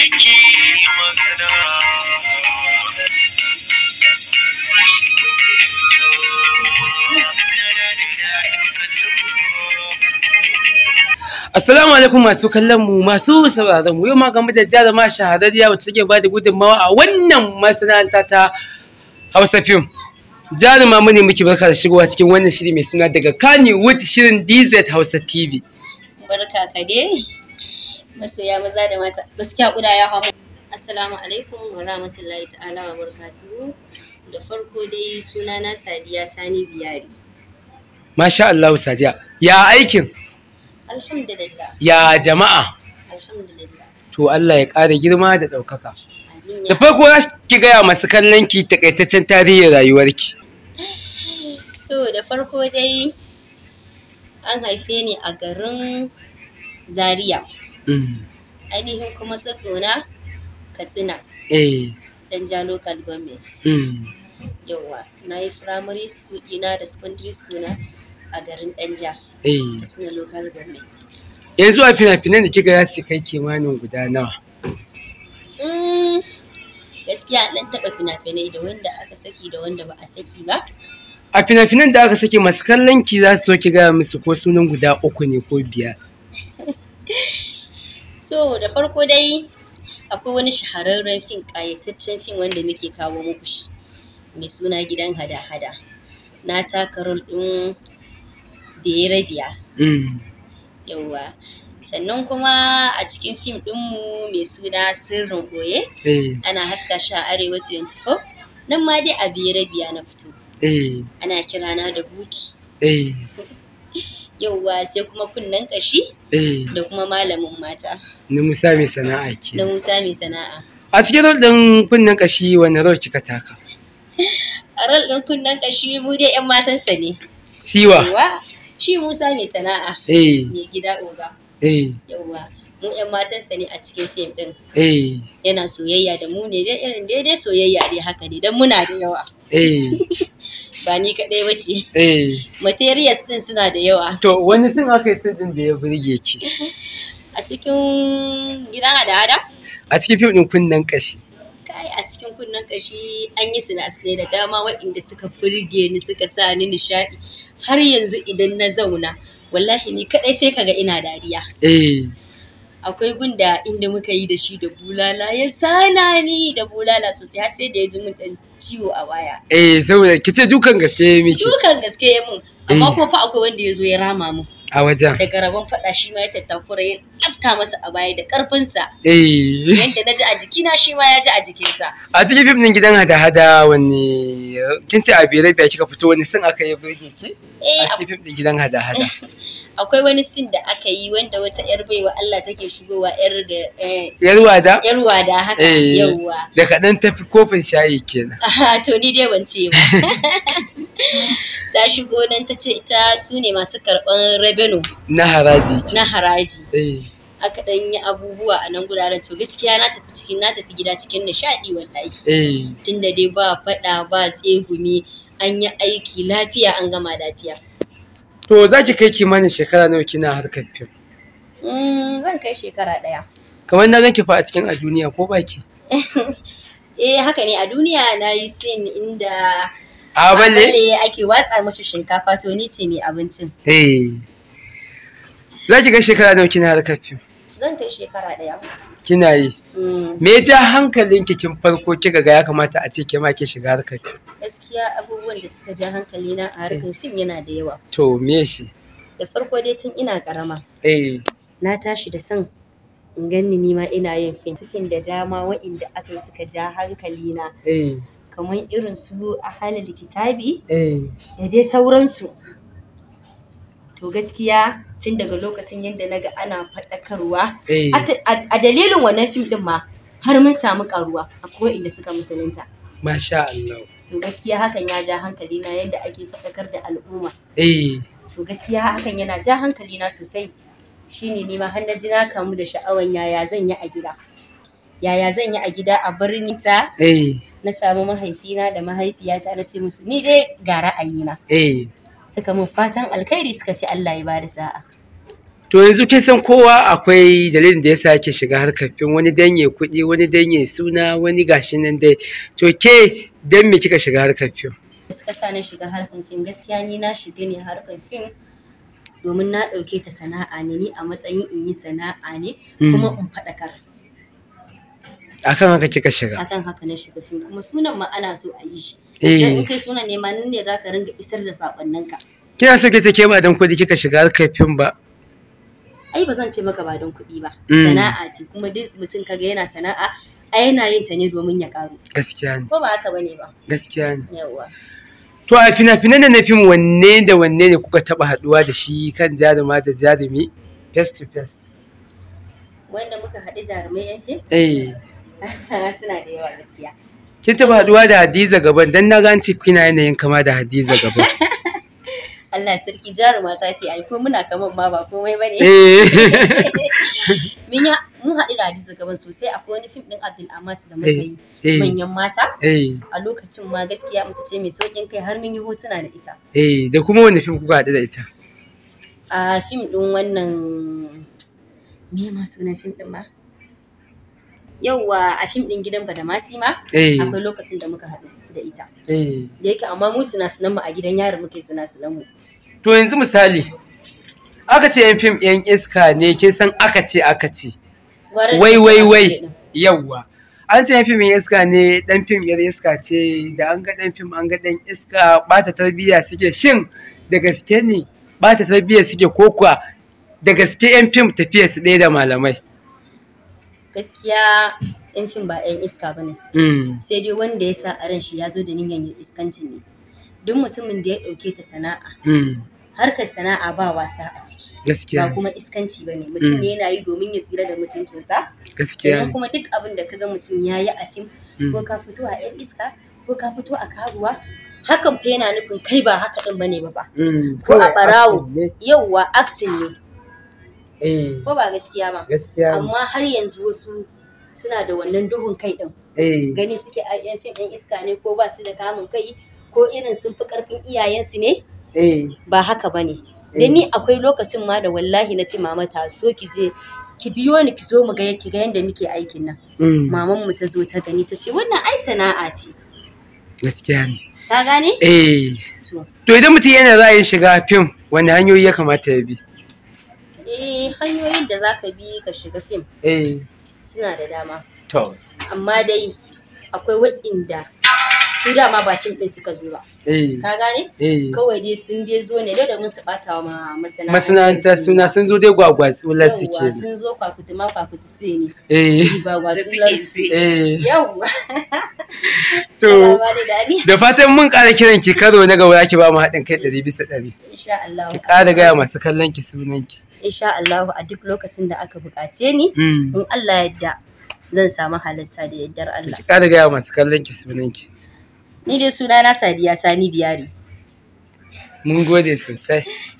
nake magana Assalamu alaikum masu kallon mu masu sauraron mu yau ma game da jaruma shahararriya wacce take bada gudunmawa a wannan masana'anta ta Hausa film. Jaruma mu ne muke barka da shigowa cikin wannan shiri mai suna daga Kanye Wood shirin DZ Hausa TV. Barka ka dai. masoya maza da mata gaskiya kuda ya hamu assalamu alaikum wa rahmatullahi ta'ala wa barakatuhu da farko dai suna na sadiya sani biyari masha Allah sadiya ya aikin alhamdulillah ya jama'a alhamdulillah to Allah ya ƙara girma da ɗaukaka da farko ki gaya masu kallon ki takaitaccen tarihin rayuwarki to da farko dai an haife ni a garin zaria Mm. ainihin kuma tsatsona katsina eh. dan ja local government mm. yawa na yi primary school ina da secondary school na a garin danja eh. katsina local government yanzu a fina-finan da kika ya su kai kimanin guda nawa mm, gaskiya dan taba fina-finai da wanda aka saki da wanda ba a saki ba a fina-finan da aka saki masu kallon ki za su so ki gaya musu ko sunan guda uku ne ko biyar so da farko dai akwai wani shahararren fin ƙayataccen fim wanda muke kawo muku shi mai suna gidan hada-hada na taka rol ɗin mm. yauwa sannan kuma a cikin fim ɗinmu mai suna sirrin ɓoye eh. ana haska shi a arewa 24 nan ma dai a berabiya na fito eh. ana kirana da buki eh. yauwa sai kuma kunnen kashi eh. da kuma malamin mata na musa mai sana'a ke na musa mai sana'a a cikin rol din kunnen kashi wani rol kika taka a rol din kunnen kashi mu dai matan matansa ne shiwa shi musa mai sana'a eh. mai gida oga eh. yauwa mu matan matansa ne a cikin fim ɗin. Yana soyayya da mu ne irin daidai soyayya dai haka ne don muna da yawa. ba ni kaɗai ba ce. Eh. Materials ɗin suna da yawa. To wani sun aka yi sirrin da ya burge ki? A cikin gidan hada-hada? A cikin fim ɗin kunnen ƙashi. Kai a cikin kunnen ƙashi an yi sinasinai da dama waɗanda suka burge ni suka sa ni nishaɗi har yanzu idan na zauna wallahi ni kaɗai sai kaga ina dariya. Eh. akwai gunda inda muka yi da shi da bulala ya sana ni da bulala sosai har sai da ya ji mun ɗan ciwo a waya eh saboda ki ce dukan gaske ya miki dukan gaske ya mun amma eh. kuma fa akwai wanda ya zo ya rama mu. a wajen daga rabon fada shi ma ya tattakura ya tsafta masa a baya da sa. eh yanda na ji a jikina shi ma ya ji a jikinsa a cikin fim din gidan hada hada wani kin ce a biyar kika fito wani sun aka yi burge ki Eh. a cikin fim din gidan hada hada akwai wani sin da aka yi wanda wata yar baiwa Allah take shigowa yar da yar eh, wada yar wada haka eh, yawa da kadan tafi kofin shayi kenan to ni dai ban ce ba ta shigo nan ta ce ita su ne masu karban rabenu na haraji na haraji eh. aka dan yi abubuwa a nan guraren to gaskiya na tafi cikin na tafi gida cikin nishadi wallahi tunda dai ba fada ba tsegumi an yi aiki lafiya an gama lafiya To za ki kai kimanin shekara nawa kina harkar fim? Mm, zan kai shekara ɗaya. Kamar na zan fa a cikin a duniya ko baki? Eh haka ne a duniya na yi sin inda a balle ake watsa mashi shinkafa to ni ce mai abincin. Eh. Za ki kai shekara nawa kina harkar fim? zan ta shekara ɗaya. Kina yi. Mm. Me ja hankalin ki kin farko kika ga ya kamata a ce ke ma ki shiga harkar ki? Gaskiya abubuwan da suka ja hankali na a harkar fim yana da yawa. To me shi? Da farko dai tun ina ƙarama. Eh. Na tashi da son in ganni ni ma ina yin fim. Fim da dama wa'inda aka suka ja hankali na. Eh. Kamar irin su a halin kitabi. Eh. Da dai sauransu. to gaskiya tun daga lokacin yadda na ga ana faɗakarwa eh. a dalilin wannan fim ɗin ma har mun samu karuwa akwai inda suka musulunta masha Allah to gaskiya hakan ya ja hankali na yadda ake faɗakar da al'umma eh to gaskiya hakan yana ja hankali na sosai shine nima har na ji kamu da sha'awan yaya zan yi a gida yaya zan yi a gida a birni ta eh. na samu mahaifina da mahaifiyata na ce musu ni dai ga ra'ayina na. Eh. suka min fatan alkhairi suka ce Allah ya bada sa'a to yanzu ke san kowa akwai dalilin da yasa yake shiga harkar fim wani danye kuɗi wani danye suna wani gashi nan dai to ke dan me kika shiga harkar fim suka sa na shiga harkar fim gaskiya ni na shiga ne harkar fim domin na ɗauke ta sana'a ne ni a matsayin in yi sana'a ne hmm. kuma in faɗakar akan haka kika shiga akan haka na shiga fim kuma sunan ma ana so a yi shi eh. idan in kai sunan ne ma nan ne zaka ringa isar da sakonninka kina so kace ke ba dan kudi kika shiga kai fim ba ai ba zan ce maka ba don kuɗi ba mm. sana'a ce kuma duk mutum kaga yana sana'a a yana yin ta ne domin ya karu gaskiya ne ko ba haka bane ba gaskiya ne yawa to a fina-finan da na fim wanne da wanne ne kuka taba haduwa da shi kan jaruma da jarumi face to face wanda muka haɗu jarumai yan fim eh Suna da yawa gaskiya. Kin taba haɗuwa da Hadiza gaban dan na gance kina yanayin kama da Hadiza gaban. Allah sarki jaruma ta ce ai ko muna kaman ma ba komai bane. Eh. Mun ya mun haɗu da Hadiza gaban sosai akwai wani fim din Abdul Amat da muka eh, yi eh. manyan mata. A lokacin ma gaskiya mace ce mai saukin kai har mun yi hotuna da ita. Eh da kuma wani fim kuka haɗu da ita? A fim din wannan me ma sunan fim din ma? yauwa a fim din gidan ba da ma eh. akwai lokacin da muka haɗu da ita eh. da yake amma mu suna sunan mu a gidan yari muke suna sunan mu to yanzu misali aka ce yan fim yan iska ne ke san aka ce aka ce wai wai wai yauwa an ce yan fim yan iska ne dan fim yan iska ce da an ga dan fim an ga dan iska bata tarbiyya suke shin da gaske ne bata tarbiyya suke ko da gaske yan fim tafiya su ɗaya da malamai gaskiya in fim ba yan iska ba ne mm. sai dai wanda ya sa a ran shi ya zo da niyan ya iskanci ne duk mutumin da ya ɗauke ta sana'a mm. harkar sana'a ba wasa a ciki ba kuma iskanci ba ne mutum mm. ne yana yi domin ya tsira da mutuncinsa gaskiya sannan kuma duk abin da ga mutum ya yi a fim ko ka fito a yan iska ko ka fito a karuwa hakan fa yana nufin kai ba haka ɗin ba ba ba ko a barawo yauwa acting ne Eh. ko ba gaskiya ba amma har yanzu wasu suna da wannan duhun kai din eh. gani suke a fim yan iska ne ko ba su da kamun kai ko irin sun fi karfin iyayensu ne eh. ba haka ba ne da ni akwai lokacin ma da wallahi na ce mama ta so ki je ki biyo ni ki zo mu ga ki ga yanda muke aikin nan hmm. maman mu ta zo ta gani ta ce wannan ai sana'a ce gaskiya ne ka gane eh to idan mutum yana za yi shiga fim wani hanyoyi ya kamata ya bi hanyoyin da za ka bi ka shiga fim eh. suna da dama amma dai akwai waɗanda su dama ba fim ɗin suka zo ba eh. ka gane eh. kawai dai sun dai zo ne da mun su ɓata ma masana'anta masana'anta suna sun zo dai gwagwa tsula suke sun zo kwakuti ma kwakuti sai ne gwagwa tsula suke yawa to da fatan mun ƙara kiran ki karo na gaba ki ba mu haɗin kai ɗari bisa ɗari ki ƙara gaya masu kallon ki sunan ki insha Allah a duk lokacin da aka buƙace ni hmm. in Allah ya yadda zan samu halitta da yaddar Allah ki kada gaya masu kallon ki sunan ki ni dai sunana Sadiya Sani Biyari mun gode sosai